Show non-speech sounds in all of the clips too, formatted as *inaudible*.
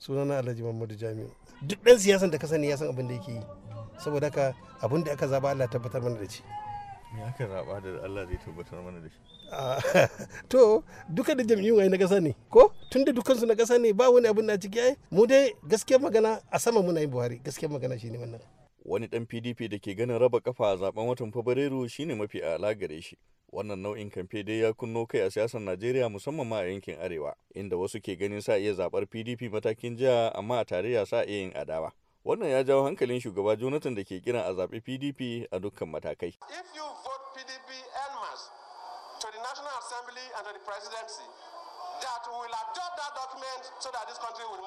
sunana alhaji muhammadu jami'u duk ɗan siyasan da ka sani ya san abin da yake yi saboda haka abin da aka zaba allah tabbatar mana da shi me aka zaba da allah zai tabbatar mana da shi ah, *laughs* to duka da jam'iyyun ai na ƙasa ne ko tun da dukansu na ƙasa ne ba wani abin da ciki ai mu dai gaskiyar magana a sama muna yin buhari gaskiyar magana shine wannan wani dan pdp da ke ganin raba kafa a zaben watan fabrairu shine mafi ala gare shi wannan nau'in kamfe dai ya kunno kai a siyasar najeriya musamman ma a yankin arewa inda wasu ke ganin sa iya zabar pdp matakin jiya amma a tarayya sa iya yin adawa wannan ya jawo hankalin shugaba jonathan da ke kiran a zaɓi pdp a dukkan matakai if you vote pdp to national assembly and the presidency that will adopt document so that this country will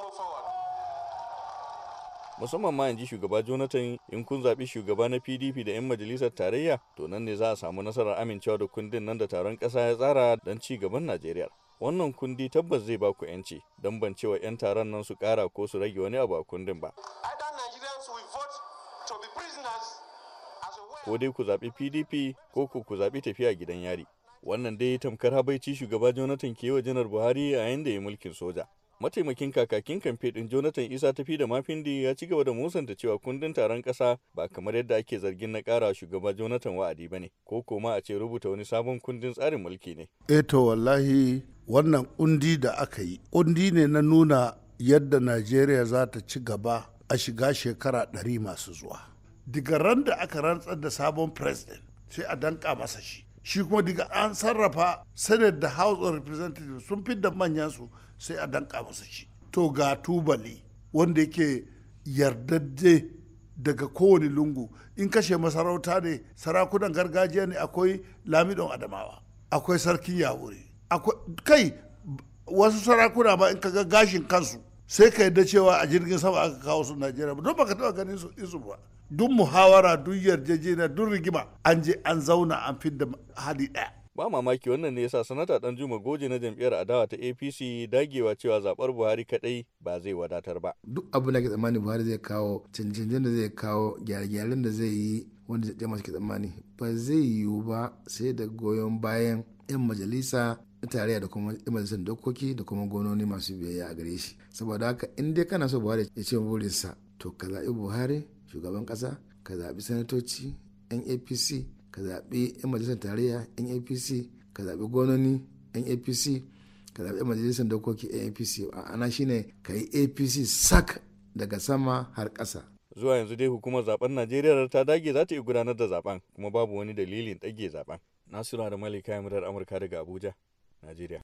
musamman ma in ji shugaba jonathan in kun zaɓi shugaba na pdp da 'yan majalisar tarayya to nan ne za a samu nasarar amincewa da kundin nan da taron ƙasa ya tsara don ci gaban najeriya wannan kundi tabbas zai ba ku 'yanci don ban cewa 'yan taron nan su kara ko su rage wani abu a kundin ba ko dai ku zaɓi pdp ko ku ku zaɓi tafiya gidan yari wannan dai tamkar habaici shugaba jonathan ke wa janar buhari a yayin da ya mulkin soja mataimakin kakakin kamfe ɗin jonathan isa tafi da mafindi ya ci gaba da musanta cewa kundin taron ƙasa ba kamar yadda ake zargin na kara shugaba jonathan wa'adi ba ne ko koma a ce rubuta wani sabon kundin tsarin mulki ne eto eh wallahi wannan kundi da aka yi kundi ne na nuna yadda najeriya za ta ci gaba a shiga shekara ɗari masu zuwa diga ran da aka rantsar da sabon president sai a danka masa shi shi kuma diga an sarrafa senate da house of representatives sun fidda manyan su sai a danka masa shi to ga tubali wanda yake yardadde daga kowane lungu in kashe masarauta ne sarakunan gargajiya ne akwai lamidon adamawa akwai sarkin yawuri kai wasu sarakuna ba in ka ga gashin kansu sai ka yadda cewa a jirgin sama aka kawo su najeriya don baka taɓa ganin su ba duk muhawara duk yarjejeniya duk rigima an je an zauna an fidda hali ɗaya ba mamaki wannan ne yasa sanata dan juma goje na jam'iyyar adawa ta apc dagewa cewa zabar buhari kadai ba zai wadatar ba duk abu da ke tsammani buhari zai kawo cancanci da zai kawo gyare-gyaren da zai yi wanda zai masu ke tsammani ba zai yiwu ba sai da goyon bayan yan majalisa na tarayya da kuma yan majalisar dokoki da kuma gononi masu biyayya a gare shi saboda haka in dai kana so buhari ya ce burinsa to ka zaɓi buhari shugaban kasa ka zaɓi sanatoci yan apc ka zaɓi yan majalisar tarayya yan apc ka zaɓi gononi yan apc ka zaɓi yan majalisar dokoki yan apc ana shine ka yi apc sak daga sama har kasa. zuwa yanzu dai hukumar zaben najeriya ta dage za ta yi gudanar da zaben kuma babu wani dalilin ɗage zaben nasiru da malika murar amurka daga abuja najeriya